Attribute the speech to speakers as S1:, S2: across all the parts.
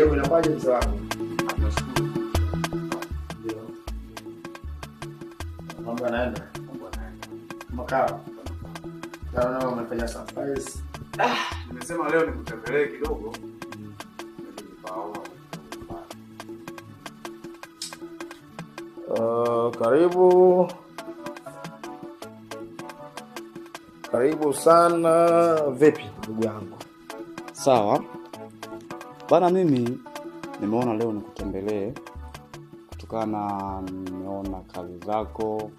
S1: Leo inakuwaje mzee wangu? Mambo yanaenda. Makao. Yaani surprise. Ah,
S2: nimesema leo nikutembelee kidogo.
S1: Uh, karibu karibu sana. Vipi ndugu yangu? Sawa bana mimi nimeona leo nikutembelee kutokana nimeona kazi zako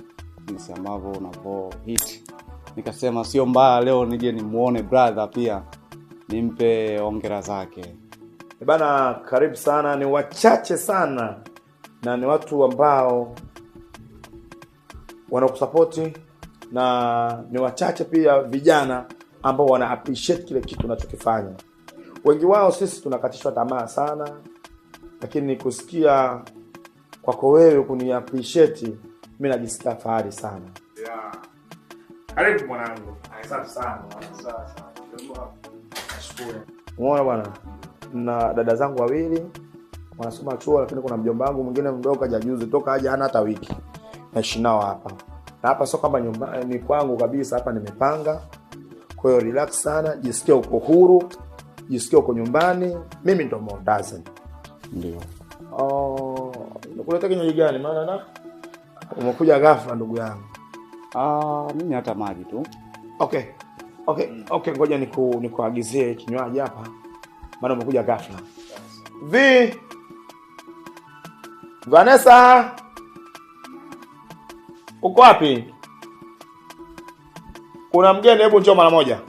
S1: jinsi ambavyo unavohit hit nikasema sio mbaya leo nije nimuone brother pia nimpe ongera zake e bana karibu sana ni wachache sana na ni watu ambao wanakusapoti na ni wachache pia vijana ambao wana kile kitu unachokifanya Wengi wao sisi tunakatishwa tamaa sana, lakini kusikia kwako wewe kuniapisheti mi najisikia fahari sana
S2: Karibu mwanangu, asante sana.
S1: bwana, na dada zangu wawili wanasoma chuo, lakini kuna mjomba wangu mwingine mdogo juzi toka aja ana hata wiki, naishinao hapa na hapa sio kama nyumbani eh, ni kwangu kabisa. Hapa nimepanga, kwa hiyo relax sana, jisikia uko huru jisikia uko nyumbani. Mimi ndo
S2: Mortazen. Ndio.
S1: Oh, kinywaji gani? Maana na umekuja ghafla ndugu yangu.
S2: Ah, mimi hata maji tu.
S1: Okay. Okay, okay, ngoja niku nikuagizie kinywaji hapa. Maana umekuja ghafla. Vi Vanessa uko wapi? Kuna mgeni, hebu njoo mara moja.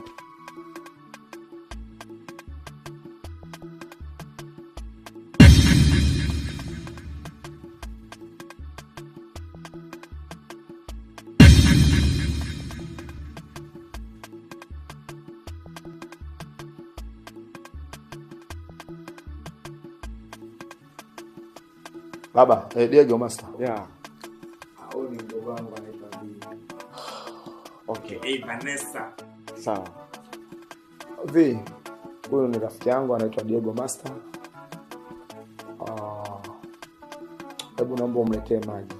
S1: Baba, eh, Diego Master. Yeah. Okay.
S2: Hey, Vanessa.
S1: Sawa. V. Huyu ni rafiki yangu anaitwa Diego Master. Ah. Hebu naomba umletee maji.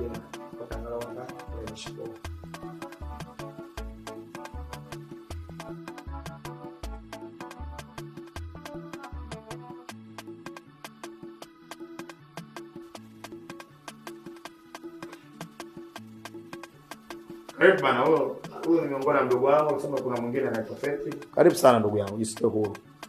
S2: Yeah. Kwa wangu. karibu bana, huyo huyo ni miongoni mwa mdogo wangu, sema kuna mwingine anaitwa Feti.
S1: Karibu sana ndugu yangu, jisikie huru.